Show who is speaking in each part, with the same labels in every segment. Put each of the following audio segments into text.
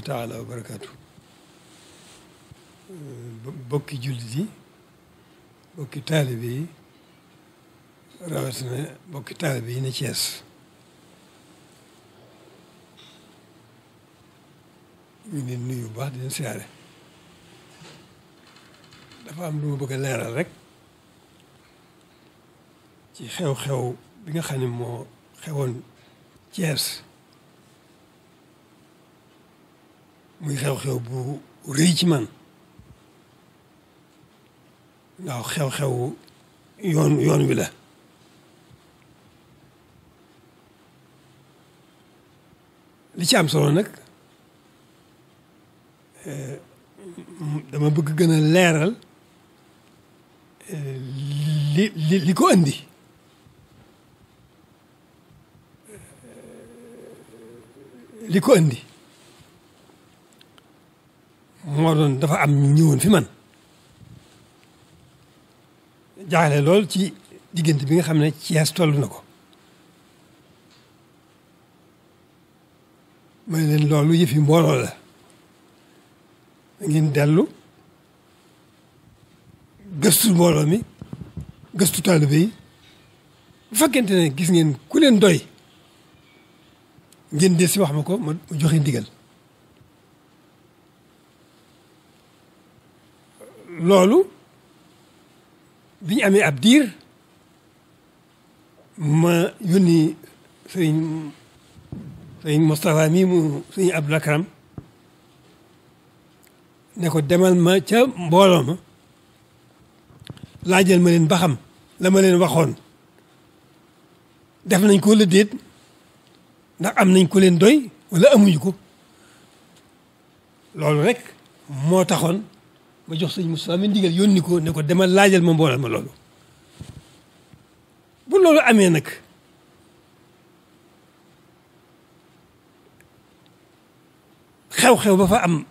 Speaker 1: تعالى وبركاته بوكي جلدي بوكي طالبي رواتنا بوكي طالبي نجاس من النيو بعد نسيارة دفع ملوم بوكي ليرا رك تي خيو خيو بيغا خاني مو خيوون جيرس muy xew-xew bu rëy ci man ndax xew-xewu yoon yoon wi la li ci am solo nag dama bëgg gën a leeral li li li ko andi li ko andi moo doon dafa am ñu ñëwoon fi man jaaxle lool ci diggante bi nga xam ne Cees toll na ko ma ne leen loolu yëfi mbooloo la ngeen dellu gëstu mbooloo mi gëstu taalibe yi bu fekkente ne gis ngeen ku leen doy ngeen des si wax ma ko ma joxe ndigal loolu biñ ñu amee ab diir ma yónni sëriñ sëriñ Moustapha mii mu sëriñ Abdou Lakram ne ko demal ma ca mbooloo ma laajal ma leen ba xam la ma leen waxoon def nañ ko la déet ndax am nañ ko leen doy wala amuñu ko loolu rek moo taxoon ما جو سيني مسلمين ديجل يونيكو نكو دما لاجل من بولا ملولو بول لولو امينك خاو خاو بفا ام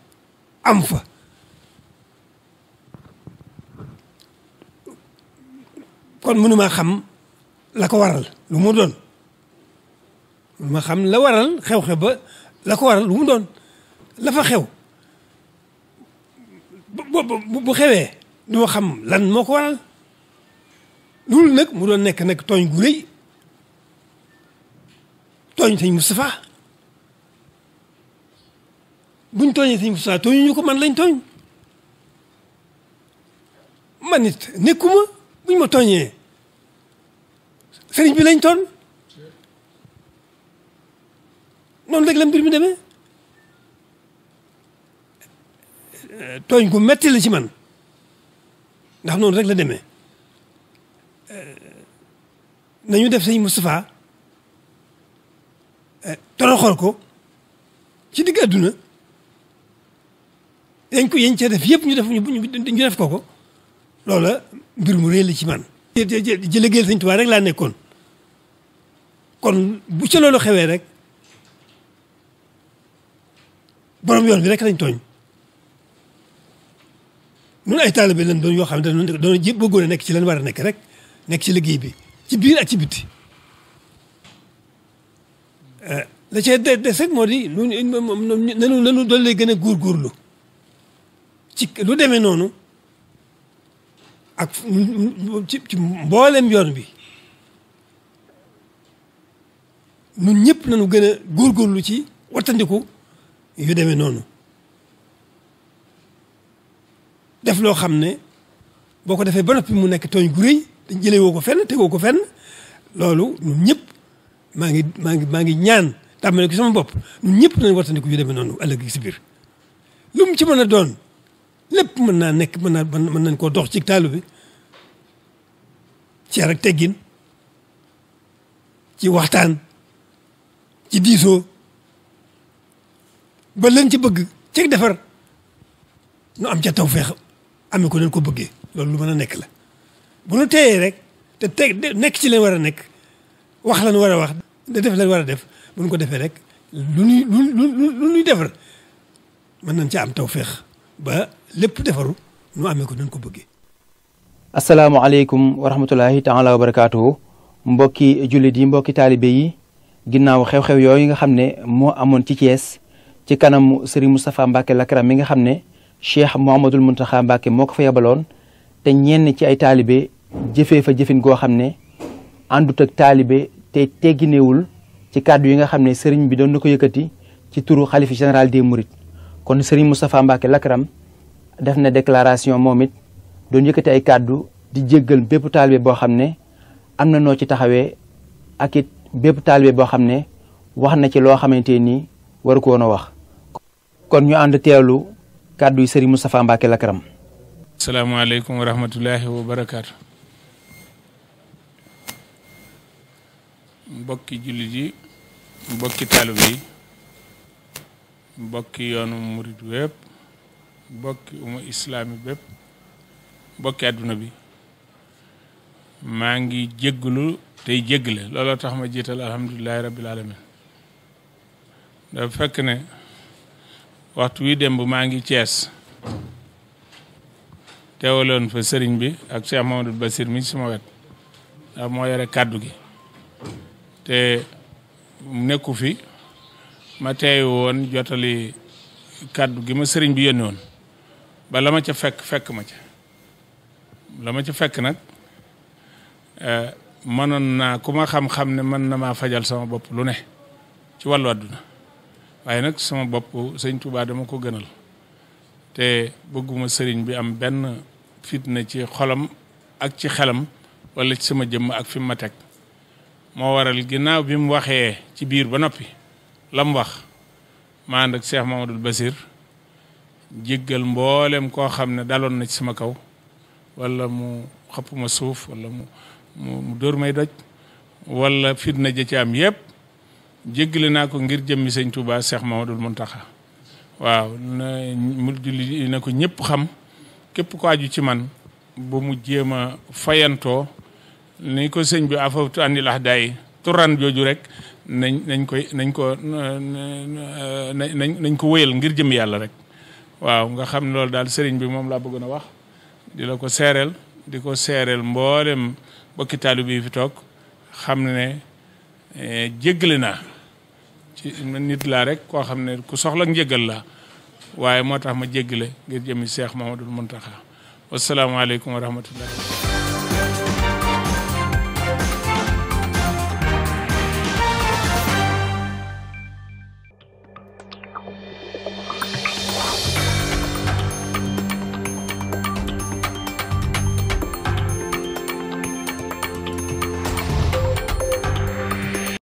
Speaker 1: ام فا كون منو ما خم لا ورل لو مودون ما خم لا ورل خاو خاو با لا ورل لو مودون لا فا خاو bu bu xewee doo xam lan moo ko waral loolu nag mu doon nekk nekk tooñ gu rëy tooñ sëñ Moustapha buñ tooñee sëñ Moustapha tooñu ñu ko man lañ tooñ man it nekkuma buñ ma tooñee sëriñ bi lañ toon noonu rek la mbir mi demee tooñ gu metti la ci man ndax noonu rek la demee eh, nañu def sëñ Moustapha eh, toroxal ko ci digg adduna dañ ko yéen cee def yëpp ñu def ñu def ko ko loola mbir mu réy la ci man. ci liggéeyal sëñ Tuubaa rek laa nekkoon kon bu ci loolu rek borom yoon bi rek lañ tooñ. ñun ay taalibe lañ doon yoo xam ne dañu doon jéem bëggoon a nekk ci leen war a nekk rek nekk ci liggéey bi ci biir ak ci biti eh, la cee de des rek moo di lu nanu nanu doon lay gën a góorgóorlu ci lu demee noonu ak ci mboolem yoon bi ñun ñëpp nanu gën a góorgóorlu ci wattandiku yu demee noonu def loo xam ne boo ko defee ba noppi mu nekk tooñ gu rëy te woo ko fenn tegoo ko fen loolu ñun ñëpp maa ngi maa ngi maa ngi ñaan tàmmale ko sama bopp ñun ñëpp nañ wattandiku ku demee noonu ëllëg si biir lu mu ci mën a doon lépp mën naa nekk mën naa mën nañ koo dox ci taalu bi ci yar teggin ci waxtaan ci diisoo ba leen ci bëgg ci defar nu am ca tawfeex amee ko nañ ko bëggee loolu lu mën a nekk la bu nu teeyee rek te te nekk ci leen war a nekk wax lan war a wax da def lan war a def bu nu ko defee rek lu ñuy lu defar mën nañ ca am taw tawféex ba lépp defaru nu amee ko nañ ko bëggee.
Speaker 2: asalaamaaleykum wa rahmatulahi taala wa barakaatu mbokki jullit yi mbokki taalibe yi ginnaaw xew-xew yooyu nga xam ne moo amoon ci Thiès ci kanamu Serigne Moustapha Mbacke Lakram mi nga xam ne. cheikh Mouhamadul Mountakha mbake moko fa yabalon te ñenn ci ay taalibe jëfé fa jëfin go xamné andut ak taalibe te tegginewul ci kàddu yi nga xamné ne sëriñ bi doon nako yëkëti ci turu khalife général des mourid kon sëriñ Moustapha mbake Lakram def na déclaration momit doon yëkëti ay kaddu di jéggal bépp talibé bo xamné amna no ci taxawé ak it bépp taalibe ci lo xamanteni war ko wona wax. kon ñu and kàddu yi Serigne Moustapha Mbacke la karam.
Speaker 3: salaamaaleykum wa rahmatulahi mbokki jullit mbokki taalib yi mbokki yoonu murit wépp mbokki uma islaami bépp mbokki àdduna bi maa ngi jégglu tey jéggale looloo tax ma jiital alhamdulilahi rabbil alamin dafa fekk ne waxtu wi démb maa ngi Cees teewaloon fa sëriñ bi ak Cheikh Mamadou Bassir mi suma wet ndax moo yore kàddu gi te nekku fi ma teeyu woon jotali kàddu gi ma sëriñ bi yónni woon ba la ma ca fekk fekk ma ca la ma ca fekk nag eh, mënoon naa ku ma xam-xam ne mën na maa fajal sama bopp lu ne ci wàllu àdduna waaye nag sama bopp sëñ Touba dama ko gënal te bëgguma sëriñ bi am benn fitna ci xolam ak ci xelam wala ci sama jëmm ak fi mu ma teg moo waral ginnaaw bi mu waxee ci biir ba noppi la mu wax ma ànd ak Cheikh Mamadou Basir jéggal mboolem koo xam ne daloon na ci sama kaw wala mu xëpp ma suuf wala mu mu dóor may doj wala fitna ja ci am yépp jéggale naa ko ngir jëmmi sëñ Touba Cheikh Mamadou Mountakha waaw na mu julli na ko ñëpp xam képp ko aju ci man ba mu jéem a fayantoo ni ko sëñ bi afawtu andil ax daay turan jooju rek nañ nañ koy nañ ko nañ nañ ko wéyal ngir jëmmi yàlla rek waaw nga xam ne loolu daal sëriñ bi moom laa bëggoon a wax di la ko seereel di ko seereel mboolem bokki taalibe bi fi toog xam ne eh, jéggale naa ci nit la rek ko xamne ku soxla ngeegal la waye motax ma jéggale ngir jëmi Seex muntaha Muntaxa alaykum wa rahmatullah